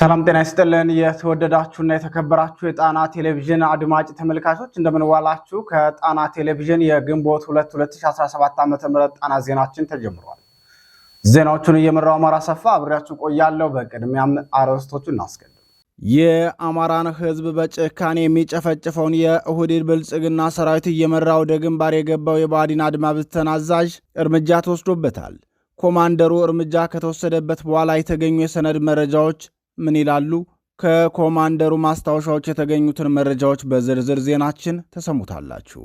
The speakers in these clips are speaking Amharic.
ሰላም ጤና ይስጥልን። የተወደዳችሁና የተከበራችሁ የጣና ቴሌቪዥን አድማጭ ተመልካቾች እንደምንዋላችሁ። ከጣና ቴሌቪዥን የግንቦት 2 2017 ዓ ም ጣና ዜናችን ተጀምሯል። ዜናዎቹን እየመራው አማራ ሰፋ አብሬያችሁ ቆያለሁ። በቅድሚያም አርዕስቶቹ እናስቀድም። የአማራን ሕዝብ በጭካኔ የሚጨፈጭፈውን የኦህዴድ ብልጽግና ሰራዊት እየመራ ወደ ግንባር የገባው የባዲን አድማ ብተና አዛዥ እርምጃ ተወስዶበታል። ኮማንደሩ እርምጃ ከተወሰደበት በኋላ የተገኙ የሰነድ መረጃዎች ምን ይላሉ? ከኮማንደሩ ማስታወሻዎች የተገኙትን መረጃዎች በዝርዝር ዜናችን ተሰሙታላችሁ።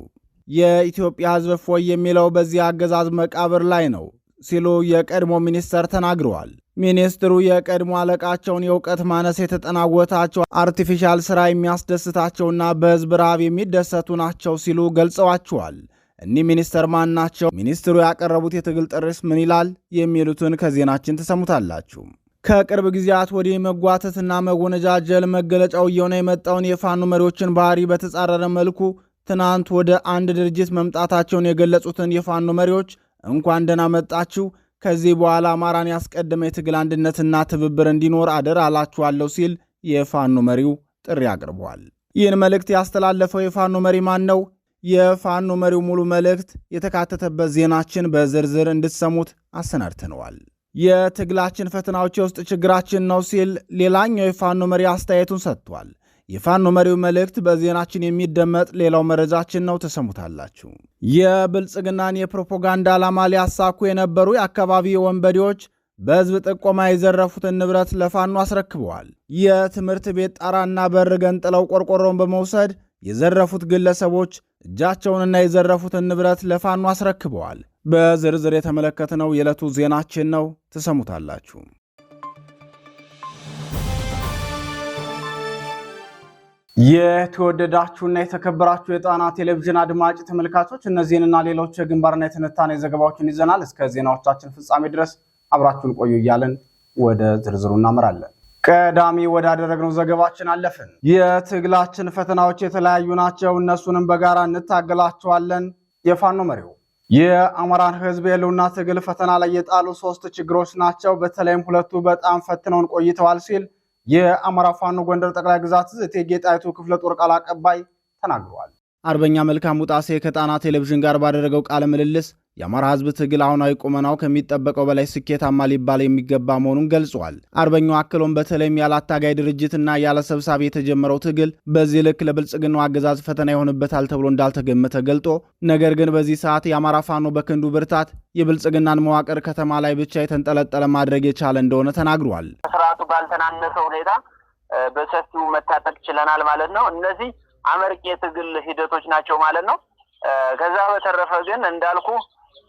የኢትዮጵያ ሕዝብ እፎይ የሚለው በዚህ አገዛዝ መቃብር ላይ ነው ሲሉ የቀድሞ ሚኒስተር ተናግረዋል። ሚኒስትሩ የቀድሞ አለቃቸውን የእውቀት ማነስ የተጠናወታቸው አርቲፊሻል ሥራ የሚያስደስታቸውና በህዝብ ረሃብ የሚደሰቱ ናቸው ሲሉ ገልጸዋቸዋል። እኒህ ሚኒስተር ማን ናቸው? ሚኒስትሩ ያቀረቡት የትግል ጥሪስ ምን ይላል? የሚሉትን ከዜናችን ተሰሙታላችሁ። ከቅርብ ጊዜያት ወዲህ መጓተትና መወነጃጀል መገለጫው እየሆነ የመጣውን የፋኖ መሪዎችን ባህሪ በተጻረረ መልኩ ትናንት ወደ አንድ ድርጅት መምጣታቸውን የገለጹትን የፋኖ መሪዎች እንኳን ደህና መጣችሁ፣ ከዚህ በኋላ አማራን ያስቀደመ የትግል አንድነትና ትብብር እንዲኖር አደራ አላችኋለሁ ሲል የፋኖ መሪው ጥሪ አቅርበዋል። ይህን መልእክት ያስተላለፈው የፋኖ መሪ ማን ነው? የፋኖ መሪው ሙሉ መልእክት የተካተተበት ዜናችን በዝርዝር እንድትሰሙት አሰናድተነዋል። የትግላችን ፈተናዎች የውስጥ ችግራችን ነው ሲል ሌላኛው የፋኖ መሪ አስተያየቱን ሰጥቷል። የፋኖ መሪው መልእክት በዜናችን የሚደመጥ ሌላው መረጃችን ነው፣ ተሰሙታላችሁ። የብልጽግናን የፕሮፓጋንዳ ዓላማ ሊያሳኩ የነበሩ የአካባቢ ወንበዴዎች በሕዝብ ጥቆማ የዘረፉትን ንብረት ለፋኖ አስረክበዋል። የትምህርት ቤት ጣራና በር ገንጥለው ቆርቆሮን በመውሰድ የዘረፉት ግለሰቦች እጃቸውንና የዘረፉትን ንብረት ለፋኖ አስረክበዋል። በዝርዝር የተመለከትነው የዕለቱ ዜናችን ነው። ትሰሙታላችሁ። የተወደዳችሁና የተከበራችሁ የጣና ቴሌቪዥን አድማጭ ተመልካቾች እነዚህንና ሌሎች የግንባርና የትንታኔ ዘገባዎችን ይዘናል። እስከ ዜናዎቻችን ፍጻሜ ድረስ አብራችሁን ቆዩ እያለን ወደ ዝርዝሩ እናመራለን። ቀዳሚ ወዳደረግነው ዘገባችን አለፍን። የትግላችን ፈተናዎች የተለያዩ ናቸው፣ እነሱንም በጋራ እንታገላቸዋለን። የፋኖ መሪው የአማራን ህዝብ የህልውና ትግል ፈተና ላይ የጣሉ ሶስት ችግሮች ናቸው። በተለይም ሁለቱ በጣም ፈትነውን ቆይተዋል ሲል የአማራ ፋኖ ጎንደር ጠቅላይ ግዛት እቴጌ ጣይቱ ክፍለ ጦር ቃል አቀባይ ተናግረዋል። አርበኛ መልካሙ ጣሴ ከጣና ቴሌቪዥን ጋር ባደረገው ቃለ ምልልስ የአማራ ህዝብ ትግል አሁናዊ ቁመናው ከሚጠበቀው በላይ ስኬታማ ሊባል የሚገባ መሆኑን ገልጿል። አርበኛው አክሎም በተለይም ያለ አታጋይ ድርጅትና ያለ ሰብሳቢ የተጀመረው ትግል በዚህ ልክ ለብልጽግናው አገዛዝ ፈተና ይሆንበታል ተብሎ እንዳልተገመተ ገልጦ ነገር ግን በዚህ ሰዓት የአማራ ፋኖ በክንዱ ብርታት የብልጽግናን መዋቅር ከተማ ላይ ብቻ የተንጠለጠለ ማድረግ የቻለ እንደሆነ ተናግሯል። ስርዓቱ ባልተናነሰ ሁኔታ በሰፊው መታጠቅ ችለናል ማለት ነው። እነዚህ አመርቂ የትግል ሂደቶች ናቸው ማለት ነው። ከዛ በተረፈ ግን እንዳልኩ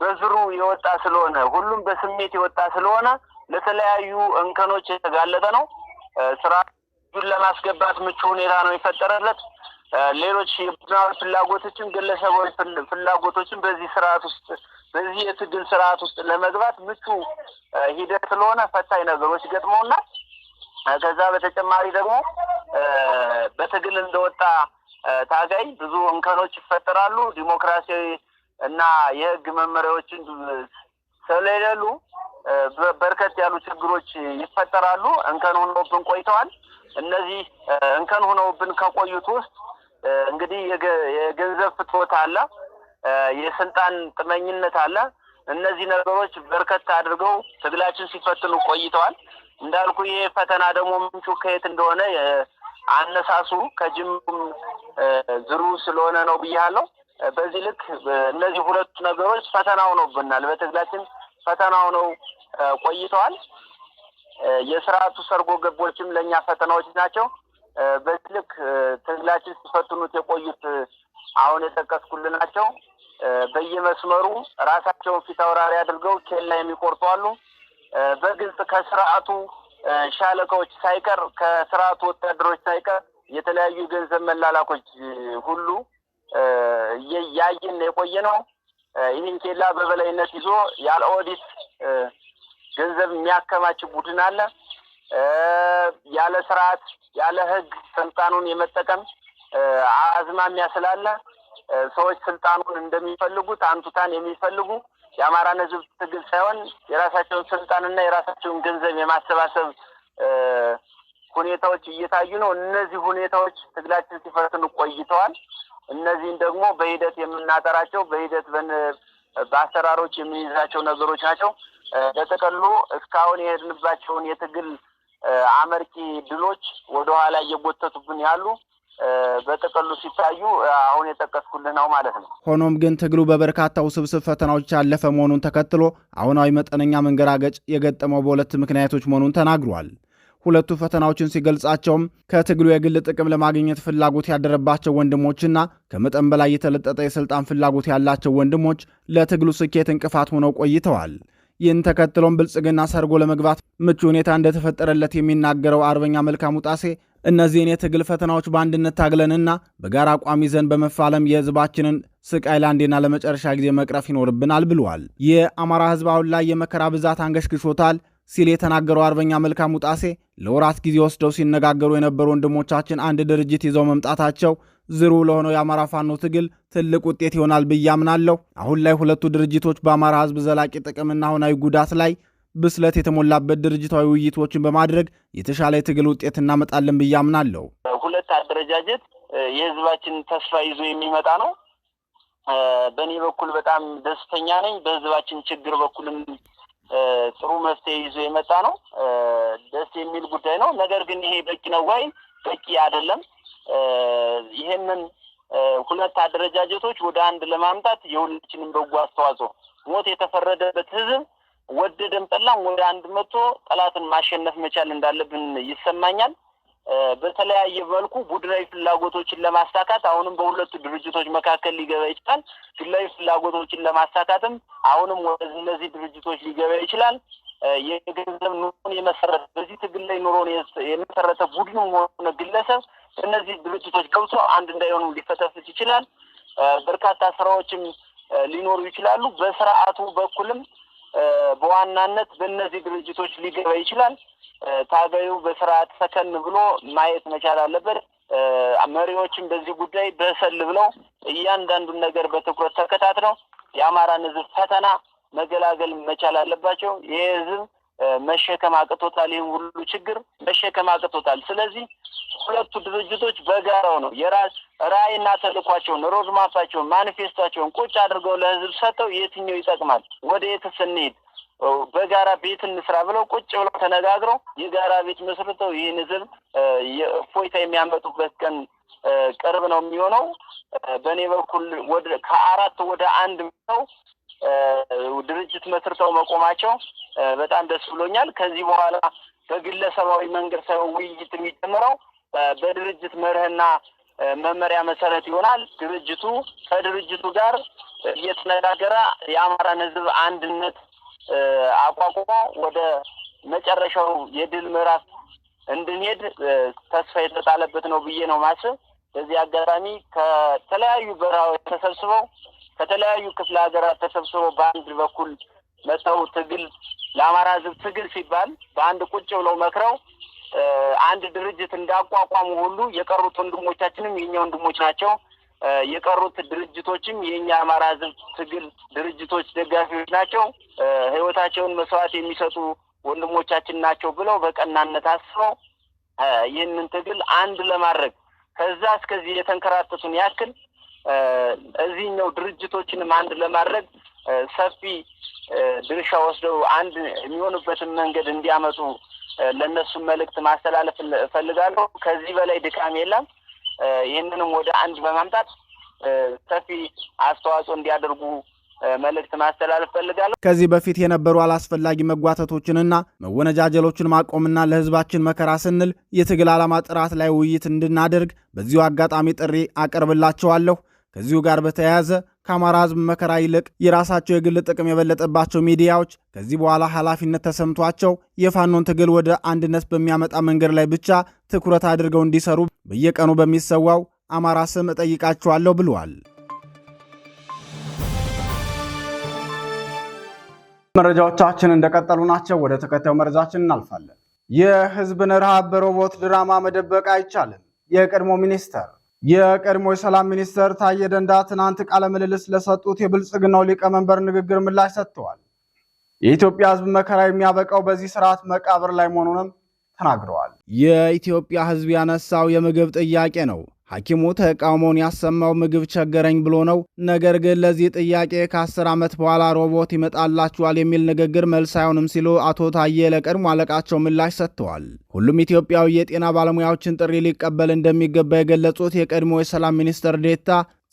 በዝሩ የወጣ ስለሆነ ሁሉም በስሜት የወጣ ስለሆነ ለተለያዩ እንከኖች የተጋለጠ ነው። ን ለማስገባት ምቹ ሁኔታ ነው የፈጠረለት። ሌሎች የቡድናዊ ፍላጎቶችን ግለሰባዊ ፍላጎቶችን በዚህ ስርዓት ውስጥ በዚህ የትግል ስርዓት ውስጥ ለመግባት ምቹ ሂደት ስለሆነ ፈታኝ ነገሮች ገጥመውና ከዛ በተጨማሪ ደግሞ በትግል እንደወጣ ታጋይ ብዙ እንከኖች ይፈጠራሉ። ዲሞክራሲያዊ እና የህግ መመሪያዎችን ስለሌሉ በርከት ያሉ ችግሮች ይፈጠራሉ። እንከን ሆነውብን ቆይተዋል። እነዚህ እንከን ሆነውብን ከቆዩት ውስጥ እንግዲህ የገንዘብ ፍትወት አለ፣ የስልጣን ጥመኝነት አለ። እነዚህ ነገሮች በርከት አድርገው ትግላችን ሲፈትኑ ቆይተዋል። እንዳልኩ ይሄ ፈተና ደግሞ ምንጩ ከየት እንደሆነ አነሳሱ ከጅምሩም ዝሩ ስለሆነ ነው ብያለሁ። በዚህ ልክ እነዚህ ሁለቱ ነገሮች ፈተና ሆነውብናል። በትግላችን ፈተና ሆነው ቆይተዋል። የስርዓቱ ሰርጎ ገቦችም ለእኛ ፈተናዎች ናቸው። በዚህ ልክ ትግላችን ሲፈትኑት የቆዩት አሁን የጠቀስኩል ናቸው። በየመስመሩ ራሳቸውን ፊት አውራሪ አድርገው ኬላ የሚቆርጡ አሉ። በግልጽ ከስርዓቱ ሻለቃዎች ሳይቀር ከስርዓቱ ወታደሮች ሳይቀር የተለያዩ ገንዘብ መላላኮች ሁሉ እያየን የቆየ ነው። ይህን ኬላ በበላይነት ይዞ ያለ ኦዲት ገንዘብ የሚያከማች ቡድን አለ። ያለ ስርዓት ያለ ህግ ስልጣኑን የመጠቀም አዝማሚያ ስላለ ሰዎች ስልጣኑን እንደሚፈልጉት አንቱታን የሚፈልጉ የአማራን ህዝብ ትግል ሳይሆን የራሳቸውን ስልጣንና የራሳቸውን ገንዘብ የማሰባሰብ ሁኔታዎች እየታዩ ነው። እነዚህ ሁኔታዎች ትግላችን ሲፈትኑ ቆይተዋል። እነዚህን ደግሞ በሂደት የምናጠራቸው በሂደት በአሰራሮች የምንይዛቸው ነገሮች ናቸው። በጥቅሉ እስካሁን የሄድንባቸውን የትግል አመርቂ ድሎች ወደኋላ እየጎተቱብን ያሉ በጥቅሉ ሲታዩ አሁን የጠቀስኩልህ ነው ማለት ነው። ሆኖም ግን ትግሉ በበርካታ ውስብስብ ፈተናዎች ያለፈ መሆኑን ተከትሎ አሁናዊ መጠነኛ መንገራገጭ የገጠመው በሁለት ምክንያቶች መሆኑን ተናግሯል። ሁለቱ ፈተናዎችን ሲገልጻቸውም ከትግሉ የግል ጥቅም ለማግኘት ፍላጎት ያደረባቸው ወንድሞችና ከመጠን በላይ የተለጠጠ የስልጣን ፍላጎት ያላቸው ወንድሞች ለትግሉ ስኬት እንቅፋት ሆነው ቆይተዋል። ይህን ተከትሎም ብልጽግና ሰርጎ ለመግባት ምቹ ሁኔታ እንደተፈጠረለት የሚናገረው አርበኛ መልካሙ ጣሴ እነዚህን የትግል ፈተናዎች በአንድነት ታግለንና በጋራ አቋም ይዘን በመፋለም የህዝባችንን ስቃይ ለአንዴና ለመጨረሻ ጊዜ መቅረፍ ይኖርብናል ብለዋል። የአማራ ህዝብ አሁን ላይ የመከራ ብዛት አንገሽግሾታል። ሲል የተናገረው አርበኛ መልካሙ ጣሴ ለወራት ጊዜ ወስደው ሲነጋገሩ የነበሩ ወንድሞቻችን አንድ ድርጅት ይዘው መምጣታቸው ዝሩ ለሆነው የአማራ ፋኖ ትግል ትልቅ ውጤት ይሆናል ብዬ አምናለሁ። አሁን ላይ ሁለቱ ድርጅቶች በአማራ ሕዝብ ዘላቂ ጥቅምና አሁናዊ ጉዳት ላይ ብስለት የተሞላበት ድርጅታዊ ውይይቶችን በማድረግ የተሻለ የትግል ውጤት እናመጣለን ብዬ አምናለሁ። ሁለት አደረጃጀት የህዝባችን ተስፋ ይዞ የሚመጣ ነው። በእኔ በኩል በጣም ደስተኛ ነኝ። በህዝባችን ችግር በኩልም ጥሩ መፍትሄ ይዞ የመጣ ነው። ደስ የሚል ጉዳይ ነው። ነገር ግን ይሄ በቂ ነው ወይ? በቂ አይደለም። ይህንን ሁለት አደረጃጀቶች ወደ አንድ ለማምጣት የሁላችንም በጎ አስተዋጽኦ ሞት የተፈረደበት ህዝብ ወደደም ጠላም ወደ አንድ መጥቶ ጠላትን ማሸነፍ መቻል እንዳለብን ይሰማኛል። በተለያየ መልኩ ቡድናዊ ፍላጎቶችን ለማሳካት አሁንም በሁለቱ ድርጅቶች መካከል ሊገባ ይችላል። ግላዊ ፍላጎቶችን ለማሳካትም አሁንም ወደዚህ እነዚህ ድርጅቶች ሊገባ ይችላል። የገንዘብ ኑሮን የመሰረተ በዚህ ትግል ላይ ኑሮን የመሰረተ ቡድኑ ሆነ ግለሰብ እነዚህ ድርጅቶች ገብቶ አንድ እንዳይሆኑ ሊፈተፍት ይችላል። በርካታ ስራዎችም ሊኖሩ ይችላሉ። በስርዓቱ በኩልም በዋናነት በእነዚህ ድርጅቶች ሊገባ ይችላል። ታጋዩ በስርዓት ሰከን ብሎ ማየት መቻል አለበት። መሪዎችም በዚህ ጉዳይ በሰል ብለው እያንዳንዱን ነገር በትኩረት ተከታትለው የአማራን ህዝብ ፈተና መገላገል መቻል አለባቸው። ይህ መሸከም አቅቶታል። ይህን ሁሉ ችግር መሸከም አቅቶታል። ስለዚህ ሁለቱ ድርጅቶች በጋራው ነው የራስ እና ተልኳቸውን ሮድማፓቸውን ማኒፌስቷቸውን ቁጭ አድርገው ለህዝብ ሰጥተው የትኛው ይጠቅማል፣ ወደ የትስ እንሂድ፣ በጋራ ቤት እንስራ ብለው ቁጭ ብለው ተነጋግረው የጋራ ቤት መስርተው ይህን ህዝብ የእፎይታ የሚያመጡበት ቀን ቅርብ ነው የሚሆነው። በእኔ በኩል ወደ ከአራት ወደ አንድ ሰው ድርጅት መስርተው መቆማቸው በጣም ደስ ብሎኛል። ከዚህ በኋላ በግለሰባዊ መንገድ ሳይሆን ውይይት የሚጀምረው በድርጅት መርህና መመሪያ መሰረት ይሆናል። ድርጅቱ ከድርጅቱ ጋር እየተነጋገረ የአማራን ሕዝብ አንድነት አቋቁሞ ወደ መጨረሻው የድል ምዕራፍ እንድንሄድ ተስፋ የተጣለበት ነው ብዬ ነው ማስብ። በዚህ አጋጣሚ ከተለያዩ በረሃዎች ተሰብስበው ከተለያዩ ክፍለ ሀገራት ተሰብስበው በአንድ በኩል መጥተው ትግል ለአማራ ህዝብ ትግል ሲባል በአንድ ቁጭ ብለው መክረው አንድ ድርጅት እንዳቋቋሙ ሁሉ የቀሩት ወንድሞቻችንም የኛ ወንድሞች ናቸው። የቀሩት ድርጅቶችም የእኛ አማራ ህዝብ ትግል ድርጅቶች ደጋፊዎች ናቸው። ህይወታቸውን መስዋዕት የሚሰጡ ወንድሞቻችን ናቸው ብለው በቀናነት አስበው ይህንን ትግል አንድ ለማድረግ ከዛ እስከዚህ የተንከራተቱን ያክል እዚህኛው ድርጅቶችንም አንድ ለማድረግ ሰፊ ድርሻ ወስደው አንድ የሚሆኑበትን መንገድ እንዲያመጡ ለእነሱ መልእክት ማስተላለፍ እፈልጋለሁ። ከዚህ በላይ ድካም የለም። ይህንንም ወደ አንድ በማምጣት ሰፊ አስተዋጽኦ እንዲያደርጉ መልእክት ማስተላለፍ ፈልጋለሁ። ከዚህ በፊት የነበሩ አላስፈላጊ መጓተቶችንና መወነጃጀሎችን ማቆምና ለሕዝባችን መከራ ስንል የትግል ዓላማ ጥራት ላይ ውይይት እንድናደርግ በዚሁ አጋጣሚ ጥሪ አቀርብላቸዋለሁ። ከዚሁ ጋር በተያያዘ ከአማራ ህዝብ መከራ ይልቅ የራሳቸው የግል ጥቅም የበለጠባቸው ሚዲያዎች ከዚህ በኋላ ኃላፊነት ተሰምቷቸው የፋኖን ትግል ወደ አንድነት በሚያመጣ መንገድ ላይ ብቻ ትኩረት አድርገው እንዲሰሩ በየቀኑ በሚሰዋው አማራ ስም እጠይቃችኋለሁ ብለዋል። መረጃዎቻችን እንደቀጠሉ ናቸው። ወደ ተከታዩ መረጃችን እናልፋለን። የህዝብን ረሃብ በሮቦት ድራማ መደበቅ አይቻልም። የቀድሞ ሚኒስተር የቀድሞ የሰላም ሚኒስትር ታዬ ደንዳ ትናንት ቃለ ምልልስ ለሰጡት የብልጽግናው ሊቀመንበር ንግግር ምላሽ ሰጥተዋል። የኢትዮጵያ ሕዝብ መከራ የሚያበቃው በዚህ ስርዓት መቃብር ላይ መሆኑንም ተናግረዋል። የኢትዮጵያ ሕዝብ ያነሳው የምግብ ጥያቄ ነው። ሐኪሙ ተቃውሞውን ያሰማው ምግብ ቸገረኝ ብሎ ነው። ነገር ግን ለዚህ ጥያቄ ከአስር ዓመት በኋላ ሮቦት ይመጣላችኋል የሚል ንግግር መልስ አይሆንም ሲሉ አቶ ታዬ ለቀድሞ አለቃቸው ምላሽ ሰጥተዋል። ሁሉም ኢትዮጵያዊ የጤና ባለሙያዎችን ጥሪ ሊቀበል እንደሚገባ የገለጹት የቀድሞ የሰላም ሚኒስትር ዴታ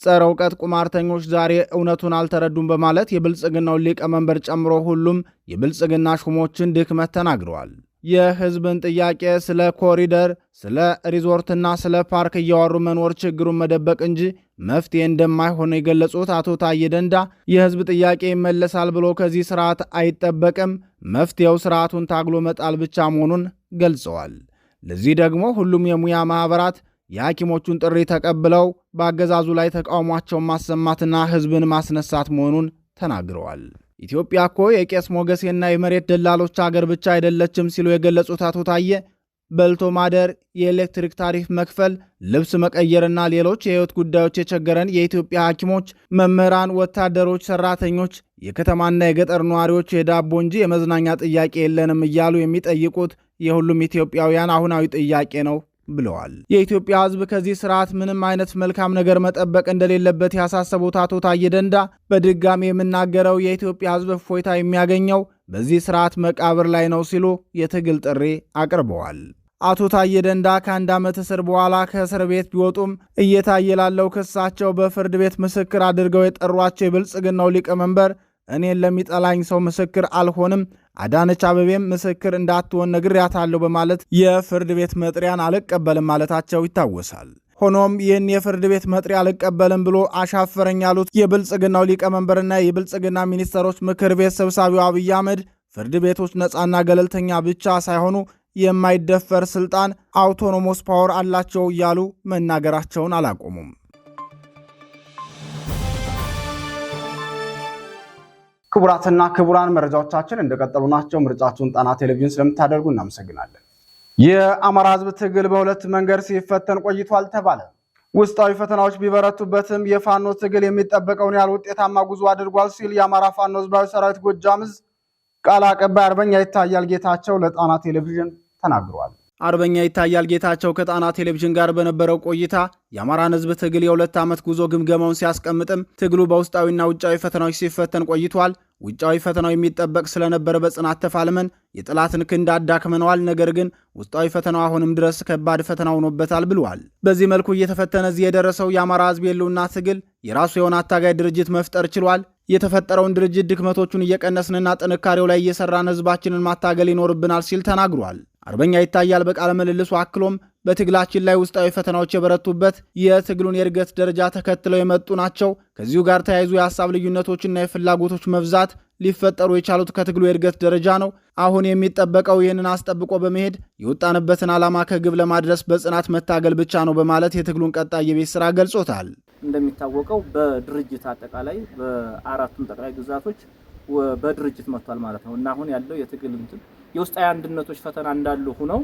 ጸረ እውቀት ቁማርተኞች ዛሬ እውነቱን አልተረዱም በማለት የብልጽግናውን ሊቀመንበር ጨምሮ ሁሉም የብልጽግና ሹሞችን ድክመት ተናግረዋል። የህዝብን ጥያቄ ስለ ኮሪደር፣ ስለ ሪዞርትና ስለ ፓርክ እያወሩ መኖር ችግሩን መደበቅ እንጂ መፍትሄ እንደማይሆነ የገለጹት አቶ ታየ ደንዳ የህዝብ ጥያቄ ይመለሳል ብሎ ከዚህ ስርዓት አይጠበቅም፣ መፍትሄው ስርዓቱን ታግሎ መጣል ብቻ መሆኑን ገልጸዋል። ለዚህ ደግሞ ሁሉም የሙያ ማኅበራት የሐኪሞቹን ጥሪ ተቀብለው በአገዛዙ ላይ ተቃውሟቸውን ማሰማትና ህዝብን ማስነሳት መሆኑን ተናግረዋል። ኢትዮጵያ እኮ የቄስ ሞገሴና የመሬት ደላሎች አገር ብቻ አይደለችም ሲሉ የገለጹት አቶ ታየ በልቶ ማደር፣ የኤሌክትሪክ ታሪፍ መክፈል፣ ልብስ መቀየርና ሌሎች የህይወት ጉዳዮች የቸገረን የኢትዮጵያ ሐኪሞች፣ መምህራን፣ ወታደሮች፣ ሰራተኞች፣ የከተማና የገጠር ነዋሪዎች የዳቦ እንጂ የመዝናኛ ጥያቄ የለንም እያሉ የሚጠይቁት የሁሉም ኢትዮጵያውያን አሁናዊ ጥያቄ ነው ብለዋል። የኢትዮጵያ ሕዝብ ከዚህ ስርዓት ምንም አይነት መልካም ነገር መጠበቅ እንደሌለበት ያሳሰቡት አቶ ታዬ ደንዳ በድጋሚ የምናገረው የኢትዮጵያ ሕዝብ እፎይታ የሚያገኘው በዚህ ስርዓት መቃብር ላይ ነው ሲሉ የትግል ጥሪ አቅርበዋል። አቶ ታዬ ደንዳ ከአንድ ዓመት እስር በኋላ ከእስር ቤት ቢወጡም እየታየ ላለው ክሳቸው በፍርድ ቤት ምስክር አድርገው የጠሯቸው የብልጽግናው ሊቀመንበር እኔን ለሚጠላኝ ሰው ምስክር አልሆንም አዳነች አበቤም ምስክር እንዳትሆን ነግሬያታለሁ በማለት የፍርድ ቤት መጥሪያን አልቀበልም ማለታቸው ይታወሳል። ሆኖም ይህን የፍርድ ቤት መጥሪያ አልቀበልም ብሎ አሻፈረኝ ያሉት የብልጽግናው ሊቀመንበርና የብልጽግና ሚኒስትሮች ምክር ቤት ሰብሳቢው አብይ አህመድ ፍርድ ቤቶች ነፃና ገለልተኛ ብቻ ሳይሆኑ የማይደፈር ስልጣን አውቶኖሞስ ፓወር አላቸው እያሉ መናገራቸውን አላቆሙም። ክቡራትና ክቡራን መረጃዎቻችን እንደቀጠሉ ናቸው። ምርጫችሁን ጣና ቴሌቪዥን ስለምታደርጉ እናመሰግናለን። የአማራ ህዝብ ትግል በሁለት መንገድ ሲፈተን ቆይቷል ተባለ። ውስጣዊ ፈተናዎች ቢበረቱበትም የፋኖ ትግል የሚጠበቀውን ያህል ውጤታማ ጉዞ አድርጓል ሲል የአማራ ፋኖ ህዝባዊ ሰራዊት ጎጃም ዕዝ ቃል አቀባይ አርበኛ ይታያል ጌታቸው ለጣና ቴሌቪዥን ተናግሯል። አርበኛ ይታያል ጌታቸው ከጣና ቴሌቪዥን ጋር በነበረው ቆይታ የአማራን ህዝብ ትግል የሁለት ዓመት ጉዞ ግምገማውን ሲያስቀምጥም ትግሉ በውስጣዊና ውጫዊ ፈተናዎች ሲፈተን ቆይቷል። ውጫዊ ፈተናው የሚጠበቅ ስለነበረ በጽናት ተፋልመን የጠላትን ክንድ አዳክመነዋል። ነገር ግን ውስጣዊ ፈተናው አሁንም ድረስ ከባድ ፈተና ሆኖበታል ብለዋል። በዚህ መልኩ እየተፈተነ እዚህ የደረሰው የአማራ ህዝብ የሕልውና ትግል የራሱ የሆነ አታጋይ ድርጅት መፍጠር ችሏል። የተፈጠረውን ድርጅት ድክመቶቹን እየቀነስንና ጥንካሬው ላይ እየሰራን ህዝባችንን ማታገል ይኖርብናል ሲል ተናግሯል። አርበኛ ይታያል በቃለ ምልልሱ አክሎም በትግላችን ላይ ውስጣዊ ፈተናዎች የበረቱበት የትግሉን የእድገት ደረጃ ተከትለው የመጡ ናቸው። ከዚሁ ጋር ተያይዞ የሀሳብ ልዩነቶችና የፍላጎቶች መብዛት ሊፈጠሩ የቻሉት ከትግሉ የእድገት ደረጃ ነው። አሁን የሚጠበቀው ይህንን አስጠብቆ በመሄድ የወጣንበትን ዓላማ ከግብ ለማድረስ በጽናት መታገል ብቻ ነው በማለት የትግሉን ቀጣይ የቤት ስራ ገልጾታል። እንደሚታወቀው በድርጅት አጠቃላይ በአራቱም ጠቅላይ ግዛቶች በድርጅት መጥቷል ማለት ነው እና አሁን ያለው የትግል የውስጣዊ አንድነቶች ፈተና እንዳሉ ሆነው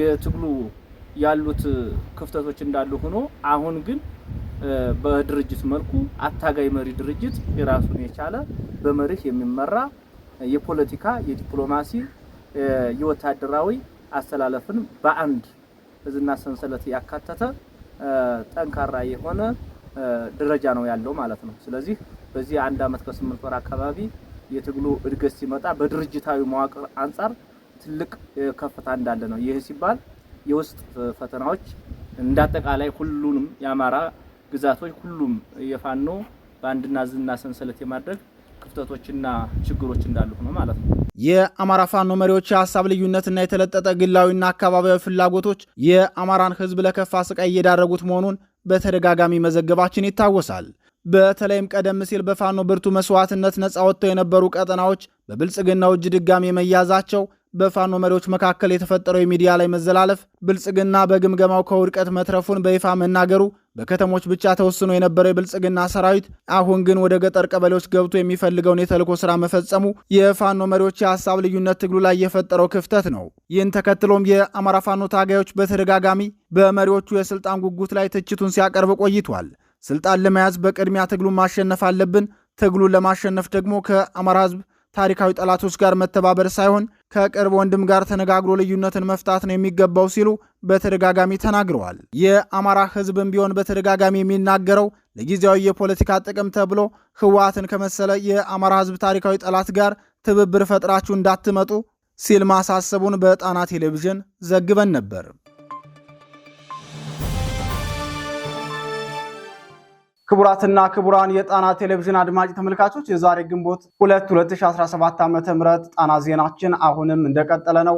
የትግሉ ያሉት ክፍተቶች እንዳሉ ሆኖ አሁን ግን በድርጅት መልኩ አታጋይ መሪ ድርጅት የራሱን የቻለ በመርህ የሚመራ የፖለቲካ፣ የዲፕሎማሲ፣ የወታደራዊ አስተላለፍን በአንድ እዝና ሰንሰለት ያካተተ ጠንካራ የሆነ ደረጃ ነው ያለው ማለት ነው። ስለዚህ በዚህ አንድ አመት ከስምንት ወር አካባቢ የትግሉ እድገት ሲመጣ በድርጅታዊ መዋቅር አንጻር ትልቅ ከፍታ እንዳለ ነው። ይህ ሲባል የውስጥ ፈተናዎች እንዳጠቃላይ ሁሉንም የአማራ ግዛቶች ሁሉም የፋኖ በአንድና ዝና ሰንሰለት የማድረግ ክፍተቶችና ችግሮች እንዳሉ ነው ማለት ነው። የአማራ ፋኖ መሪዎች የሀሳብ ልዩነትና የተለጠጠ ግላዊና አካባቢያዊ ፍላጎቶች የአማራን ሕዝብ ለከፋ ስቃይ እየዳረጉት መሆኑን በተደጋጋሚ መዘገባችን ይታወሳል። በተለይም ቀደም ሲል በፋኖ ብርቱ መስዋዕትነት ነፃ ወጥተው የነበሩ ቀጠናዎች በብልጽግናው እጅ ድጋሚ መያዛቸው በፋኖ መሪዎች መካከል የተፈጠረው የሚዲያ ላይ መዘላለፍ ብልጽግና በግምገማው ከውድቀት መትረፉን በይፋ መናገሩ በከተሞች ብቻ ተወስኖ የነበረው የብልጽግና ሰራዊት አሁን ግን ወደ ገጠር ቀበሌዎች ገብቶ የሚፈልገውን የተልእኮ ስራ መፈጸሙ የፋኖ መሪዎች የሀሳብ ልዩነት ትግሉ ላይ የፈጠረው ክፍተት ነው። ይህን ተከትሎም የአማራ ፋኖ ታጋዮች በተደጋጋሚ በመሪዎቹ የስልጣን ጉጉት ላይ ትችቱን ሲያቀርብ ቆይቷል። ስልጣን ለመያዝ በቅድሚያ ትግሉን ማሸነፍ አለብን። ትግሉን ለማሸነፍ ደግሞ ከአማራ ህዝብ ታሪካዊ ጠላቶች ጋር መተባበር ሳይሆን ከቅርብ ወንድም ጋር ተነጋግሮ ልዩነትን መፍታት ነው የሚገባው ሲሉ በተደጋጋሚ ተናግረዋል። የአማራ ህዝብም ቢሆን በተደጋጋሚ የሚናገረው ለጊዜያዊ የፖለቲካ ጥቅም ተብሎ ህወሓትን ከመሰለ የአማራ ህዝብ ታሪካዊ ጠላት ጋር ትብብር ፈጥራችሁ እንዳትመጡ ሲል ማሳሰቡን በጣና ቴሌቪዥን ዘግበን ነበር። ክቡራትና ክቡራን የጣና ቴሌቪዥን አድማጭ ተመልካቾች የዛሬ ግንቦት 2 2017 ዓ.ም ጣና ዜናችን አሁንም እንደቀጠለ ነው።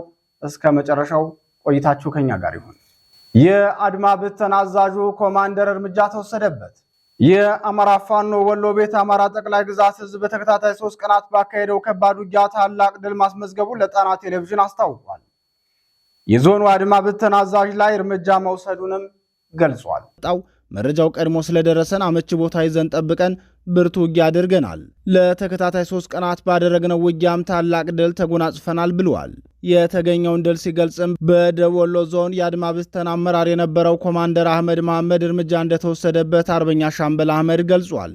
እስከ መጨረሻው ቆይታችሁ ከኛ ጋር ይሁን። የአድማ ብተና አዛዡ ኮማንደር እርምጃ ተወሰደበት። የአማራ ፋኖ ወሎ ቤት አማራ ጠቅላይ ግዛት ህዝብ በተከታታይ ሶስት ቀናት ባካሄደው ከባድ ውጊያ ታላቅ ድል ማስመዝገቡን ለጣና ቴሌቪዥን አስታውቋል። የዞኑ አድማ ብተና አዛዥ ላይ እርምጃ መውሰዱንም ገልጿል። መረጃው ቀድሞ ስለደረሰን አመቺ ቦታ ይዘን ጠብቀን ብርቱ ውጊያ አድርገናል። ለተከታታይ ሶስት ቀናት ባደረግነው ውጊያም ታላቅ ድል ተጎናጽፈናል ብለዋል። የተገኘውን ድል ሲገልጽም በደቡብ ወሎ ዞን የአድማ ብተና አመራር የነበረው ኮማንደር አህመድ መሐመድ እርምጃ እንደተወሰደበት አርበኛ ሻምበል አህመድ ገልጿል።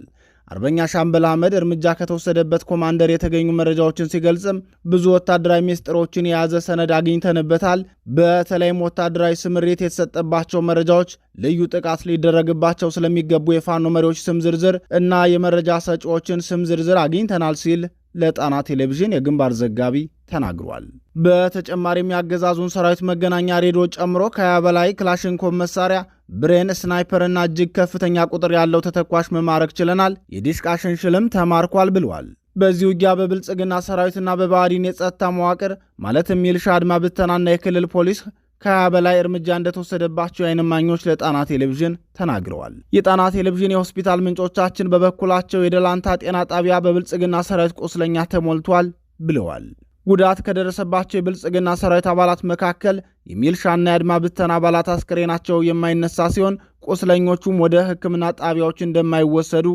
አርበኛ ሻምበል አህመድ እርምጃ ከተወሰደበት ኮማንደር የተገኙ መረጃዎችን ሲገልጽም ብዙ ወታደራዊ ሚስጥሮችን የያዘ ሰነድ አግኝተንበታል። በተለይም ወታደራዊ ስምሪት የተሰጠባቸው መረጃዎች ልዩ ጥቃት ሊደረግባቸው ስለሚገቡ የፋኖ መሪዎች ስም ዝርዝር እና የመረጃ ሰጪዎችን ስም ዝርዝር አግኝተናል ሲል ለጣና ቴሌቪዥን የግንባር ዘጋቢ ተናግሯል። በተጨማሪም የአገዛዙን ሰራዊት መገናኛ ሬዲዮ ጨምሮ ከያ በላይ ክላሽንኮቭ መሳሪያ ብሬን ስናይፐርና እጅግ ከፍተኛ ቁጥር ያለው ተተኳሽ መማረክ ችለናል፣ የዲሽቃ ሽንሽልም ተማርኳል ብለዋል። በዚህ ውጊያ በብልጽግና ሰራዊትና በባዕዲን የጸጥታ መዋቅር ማለትም ሚልሻ፣ አድማ ብተናና የክልል ፖሊስ ከሀያ በላይ እርምጃ እንደተወሰደባቸው የዓይን እማኞች ለጣና ቴሌቪዥን ተናግረዋል። የጣና ቴሌቪዥን የሆስፒታል ምንጮቻችን በበኩላቸው የደላንታ ጤና ጣቢያ በብልጽግና ሰራዊት ቁስለኛ ተሞልቷል ብለዋል። ጉዳት ከደረሰባቸው የብልጽግና ሰራዊት አባላት መካከል የሚልሻና የአድማ ብተን አባላት አስክሬናቸው የማይነሳ ሲሆን ቁስለኞቹም ወደ ሕክምና ጣቢያዎች እንደማይወሰዱ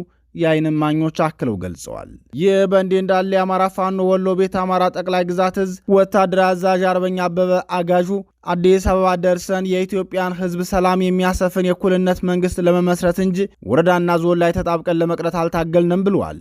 የአይን እማኞች አክለው ገልጸዋል። ይህ በእንዲህ እንዳለ የአማራ ፋኖ ወሎ ቤት አማራ ጠቅላይ ግዛት እዝ ወታደራዊ አዛዥ አርበኛ አበበ አጋዡ አዲስ አበባ ደርሰን የኢትዮጵያን ህዝብ ሰላም የሚያሰፍን የእኩልነት መንግስት ለመመስረት እንጂ ወረዳና ዞን ላይ ተጣብቀን ለመቅረት አልታገልንም ብለዋል።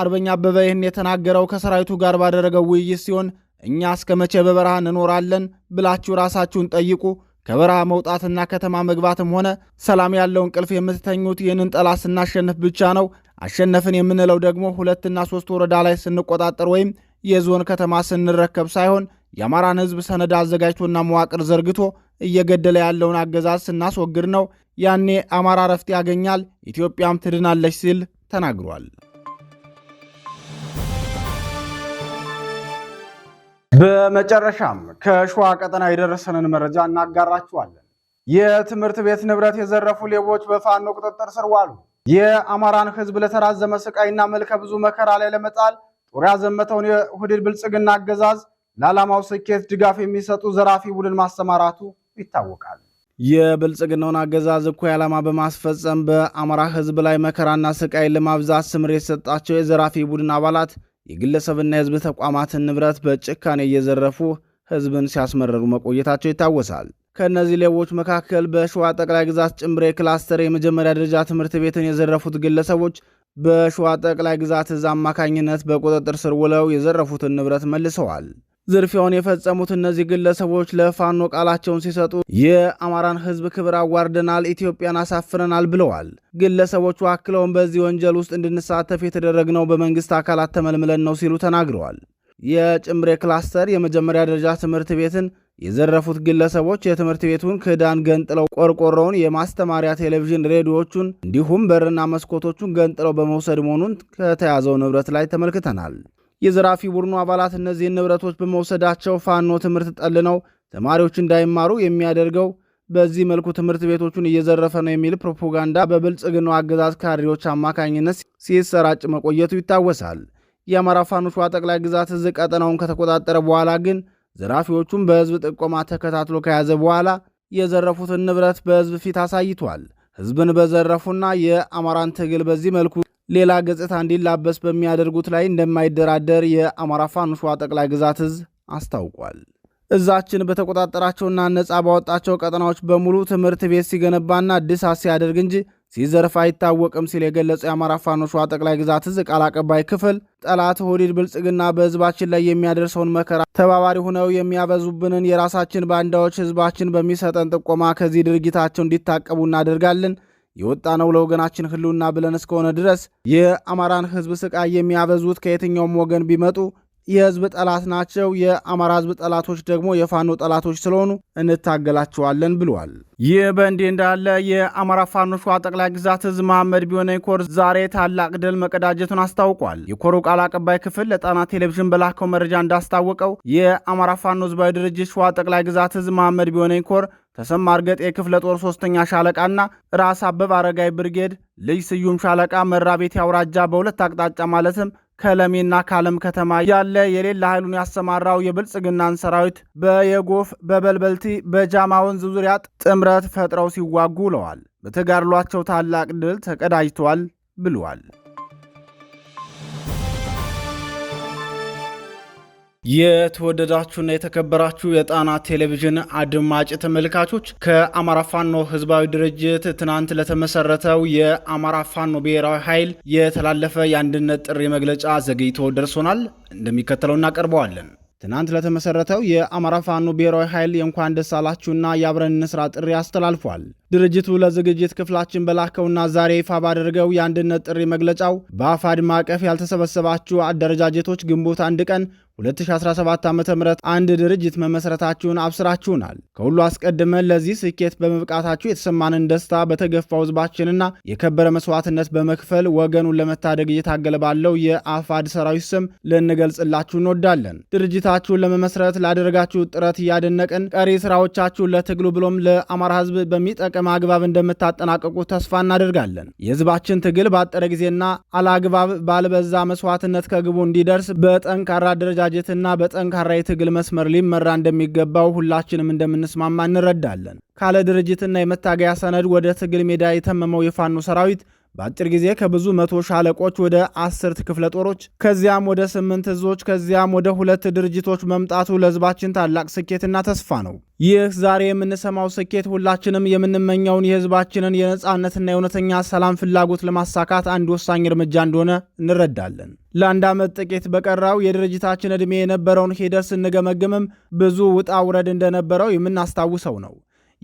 አርበኛ አበበ ይህን የተናገረው ከሰራዊቱ ጋር ባደረገው ውይይት ሲሆን እኛ እስከ መቼ በበረሃ እንኖራለን ብላችሁ ራሳችሁን ጠይቁ። ከበረሃ መውጣትና ከተማ መግባትም ሆነ ሰላም ያለው እንቅልፍ የምትተኙት ይህንን ጠላት ስናሸንፍ ብቻ ነው። አሸነፍን የምንለው ደግሞ ሁለትና ሶስት ወረዳ ላይ ስንቆጣጠር ወይም የዞን ከተማ ስንረከብ ሳይሆን የአማራን ሕዝብ ሰነድ አዘጋጅቶና መዋቅር ዘርግቶ እየገደለ ያለውን አገዛዝ ስናስወግድ ነው። ያኔ አማራ ረፍት ያገኛል፣ ኢትዮጵያም ትድናለች ሲል ተናግሯል። በመጨረሻም ከሸዋ ቀጠና የደረሰንን መረጃ እናጋራችኋለን። የትምህርት ቤት ንብረት የዘረፉ ሌቦች በፋኖ ቁጥጥር ስር ዋሉ። የአማራን ሕዝብ ለተራዘመ ስቃይና መልከ ብዙ መከራ ላይ ለመጣል ጦር ያዘመተውን የሁድድ ብልጽግና አገዛዝ ለዓላማው ስኬት ድጋፍ የሚሰጡ ዘራፊ ቡድን ማሰማራቱ ይታወቃል። የብልጽግናውን አገዛዝ እኩይ ዓላማ በማስፈጸም በአማራ ሕዝብ ላይ መከራና ስቃይ ለማብዛት ስምር የተሰጣቸው የዘራፊ ቡድን አባላት የግለሰብና የህዝብ ተቋማትን ንብረት በጭካኔ እየዘረፉ ህዝብን ሲያስመረሩ መቆየታቸው ይታወሳል። ከእነዚህ ሌቦች መካከል በሸዋ ጠቅላይ ግዛት ጭምሬ ክላስተር የመጀመሪያ ደረጃ ትምህርት ቤትን የዘረፉት ግለሰቦች በሸዋ ጠቅላይ ግዛት እዝ አማካኝነት በቁጥጥር ስር ውለው የዘረፉትን ንብረት መልሰዋል። ዝርፊያውን የፈጸሙት እነዚህ ግለሰቦች ለፋኖ ቃላቸውን ሲሰጡ የአማራን ሕዝብ ክብር አዋርደናል፣ ኢትዮጵያን አሳፍረናል ብለዋል። ግለሰቦቹ አክለውን በዚህ ወንጀል ውስጥ እንድንሳተፍ የተደረግነው በመንግስት አካላት ተመልምለን ነው ሲሉ ተናግረዋል። የጭምሬ ክላስተር የመጀመሪያ ደረጃ ትምህርት ቤትን የዘረፉት ግለሰቦች የትምህርት ቤቱን ክዳን ገንጥለው ቆርቆሮውን፣ የማስተማሪያ ቴሌቪዥን ሬዲዮዎቹን እንዲሁም በርና መስኮቶቹን ገንጥለው በመውሰድ መሆኑን ከተያዘው ንብረት ላይ ተመልክተናል። የዘራፊ ቡድኑ አባላት እነዚህን ንብረቶች በመውሰዳቸው ፋኖ ትምህርት ጠል ነው ተማሪዎች እንዳይማሩ የሚያደርገው በዚህ መልኩ ትምህርት ቤቶቹን እየዘረፈ ነው የሚል ፕሮፓጋንዳ በብልጽግናው አገዛዝ ካድሬዎች አማካኝነት ሲሰራጭ መቆየቱ ይታወሳል። የአማራ ፋኖ ሸዋ ጠቅላይ ግዛት እዝ ቀጠናውን ከተቆጣጠረ በኋላ ግን ዘራፊዎቹን በህዝብ ጥቆማ ተከታትሎ ከያዘ በኋላ የዘረፉትን ንብረት በህዝብ ፊት አሳይቷል። ህዝብን በዘረፉና የአማራን ትግል በዚህ መልኩ ሌላ ገጽታ እንዲላበስ በሚያደርጉት ላይ እንደማይደራደር የአማራ ፋኖ ሸዋ ጠቅላይ ግዛት እዝ አስታውቋል። እዛችን በተቆጣጠራቸውና ነፃ ባወጣቸው ቀጠናዎች በሙሉ ትምህርት ቤት ሲገነባና እድሳት ሲያደርግ እንጂ ሲዘርፍ አይታወቅም ሲል የገለጸው የአማራ ፋኖ ሸዋ ጠቅላይ ግዛት እዝ ቃል አቀባይ ክፍል ጠላት ሆዲድ ብልጽግና በህዝባችን ላይ የሚያደርሰውን መከራ ተባባሪ ሆነው የሚያበዙብንን የራሳችን ባንዳዎች ህዝባችን በሚሰጠን ጥቆማ ከዚህ ድርጊታቸው እንዲታቀቡ እናደርጋለን የወጣ ነው ለወገናችን ህልውና ብለን እስከሆነ ድረስ የአማራን ህዝብ ስቃይ የሚያበዙት ከየትኛውም ወገን ቢመጡ የህዝብ ጠላት ናቸው። የአማራ ህዝብ ጠላቶች ደግሞ የፋኖ ጠላቶች ስለሆኑ እንታገላቸዋለን ብለዋል። ይህ በእንዲህ እንዳለ የአማራ ፋኖ ሸዋ ጠቅላይ ግዛት ህዝብ መሐመድ ቢሆነ ኮር ዛሬ ታላቅ ድል መቀዳጀቱን አስታውቋል። የኮሩ ቃል አቀባይ ክፍል ለጣና ቴሌቪዥን በላከው መረጃ እንዳስታወቀው የአማራ ፋኖ ህዝባዊ ድርጅት ሸዋ ጠቅላይ ግዛት ህዝብ መሐመድ ቢሆነ ኮር ተሰማ እርገጥ የክፍለ ጦር ሶስተኛ ሻለቃና ራስ አበብ አረጋይ ብርጌድ ልጅ ስዩም ሻለቃ መራ ቤት አውራጃ በሁለት አቅጣጫ ማለትም ከለሜና ካለም ከተማ ያለ የሌላ ኃይሉን ያሰማራው የብልጽግናን ሰራዊት በየጎፍ በበልበልቲ በጃማ ወንዝ ዙሪያ ጥምረት ፈጥረው ሲዋጉ ውለዋል። በተጋድሏቸው ታላቅ ድል ተቀዳጅተዋል ብለዋል። የተወደዳችሁና የተከበራችሁ የጣና ቴሌቪዥን አድማጭ ተመልካቾች ከአማራ ፋኖ ህዝባዊ ድርጅት ትናንት ለተመሰረተው የአማራ ፋኖ ብሔራዊ ኃይል የተላለፈ የአንድነት ጥሪ መግለጫ ዘግይቶ ደርሶናል። እንደሚከተለው እናቀርበዋለን። ትናንት ለተመሰረተው የአማራ ፋኖ ብሔራዊ ኃይል የእንኳን ደስ አላችሁና የአብረን እንስራ ጥሪ አስተላልፏል። ድርጅቱ ለዝግጅት ክፍላችን በላከውና ዛሬ ይፋ ባደረገው የአንድነት ጥሪ መግለጫው በአፋድ ማዕቀፍ ያልተሰበሰባችሁ አደረጃጀቶች ግንቦት አንድ ቀን 2017 ዓ ም አንድ ድርጅት መመስረታችሁን አብስራችሁናል። ከሁሉ አስቀድመን ለዚህ ስኬት በመብቃታችሁ የተሰማንን ደስታ በተገፋው ህዝባችንና የከበረ መስዋዕትነት በመክፈል ወገኑን ለመታደግ እየታገለ ባለው የአፋድ ሰራዊት ስም ልንገልጽላችሁ እንወዳለን። ድርጅታችሁን ለመመስረት ላደረጋችሁ ጥረት እያደነቅን ቀሪ ስራዎቻችሁን ለትግሉ ብሎም ለአማራ ህዝብ በሚጠቅም አግባብ እንደምታጠናቀቁ ተስፋ እናደርጋለን። የህዝባችን ትግል ባጠረ ጊዜና አላግባብ ባልበዛ መስዋዕትነት ከግቡ እንዲደርስ በጠንካራ ደረጃ በመደራጀትና በጠንካራ የትግል መስመር ሊመራ እንደሚገባው ሁላችንም እንደምንስማማ እንረዳለን። ካለ ድርጅትና የመታገያ ሰነድ ወደ ትግል ሜዳ የተመመው የፋኖ ሰራዊት በአጭር ጊዜ ከብዙ መቶ ሻለቆች ወደ አስርት ክፍለ ጦሮች ከዚያም ወደ ስምንት እዞች ከዚያም ወደ ሁለት ድርጅቶች መምጣቱ ለህዝባችን ታላቅ ስኬትና ተስፋ ነው። ይህ ዛሬ የምንሰማው ስኬት ሁላችንም የምንመኘውን የህዝባችንን የነፃነትና የእውነተኛ ሰላም ፍላጎት ለማሳካት አንድ ወሳኝ እርምጃ እንደሆነ እንረዳለን። ለአንድ ዓመት ጥቂት በቀረው የድርጅታችን ዕድሜ የነበረውን ሂደት ስንገመግምም ብዙ ውጣ ውረድ እንደነበረው የምናስታውሰው ነው።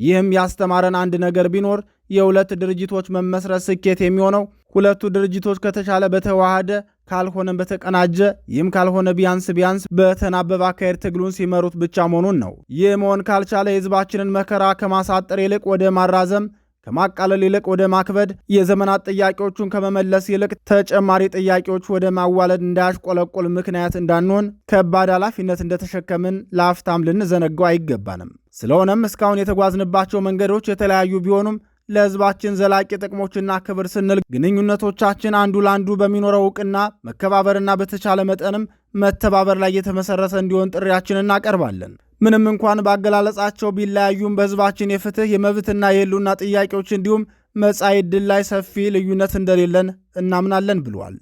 ይህም ያስተማረን አንድ ነገር ቢኖር የሁለት ድርጅቶች መመስረት ስኬት የሚሆነው ሁለቱ ድርጅቶች ከተቻለ በተዋሃደ ካልሆነም በተቀናጀ ይህም ካልሆነ ቢያንስ ቢያንስ በተናበበ አካሄድ ትግሉን ሲመሩት ብቻ መሆኑን ነው። ይህ መሆን ካልቻለ የህዝባችንን መከራ ከማሳጠር ይልቅ ወደ ማራዘም ከማቃለል ይልቅ ወደ ማክበድ፣ የዘመናት ጥያቄዎቹን ከመመለስ ይልቅ ተጨማሪ ጥያቄዎች ወደ ማዋለድ እንዳያሽቆለቆል ምክንያት እንዳንሆን ከባድ ኃላፊነት እንደተሸከምን ለአፍታም ልንዘነገው አይገባንም። ስለሆነም እስካሁን የተጓዝንባቸው መንገዶች የተለያዩ ቢሆኑም ለህዝባችን ዘላቂ ጥቅሞችና ክብር ስንል ግንኙነቶቻችን አንዱ ለአንዱ በሚኖረው እውቅና መከባበርና በተቻለ መጠንም መተባበር ላይ የተመሰረተ እንዲሆን ጥሪያችን እናቀርባለን። ምንም እንኳን በአገላለጻቸው ቢለያዩም በህዝባችን የፍትህ የመብትና የህሉና ጥያቄዎች እንዲሁም መጻኢ ዕድል ላይ ሰፊ ልዩነት እንደሌለን እናምናለን ብሏል።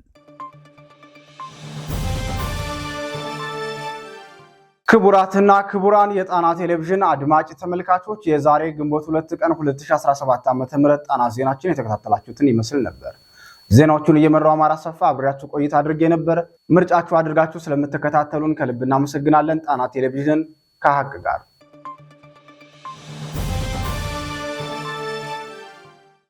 ክቡራትና ክቡራን የጣና ቴሌቪዥን አድማጭ ተመልካቾች የዛሬ ግንቦት ሁለት ቀን 2017 ም ጣና ዜናችን የተከታተላችሁትን ይመስል ነበር። ዜናዎቹን እየመራው አማራ ሰፋ አብሬያችሁ ቆይታ አድርጌ ነበር። ምርጫችሁ አድርጋችሁ ስለምትከታተሉን ከልብ እናመሰግናለን። ጣና ቴሌቪዥን ከሀቅ ጋር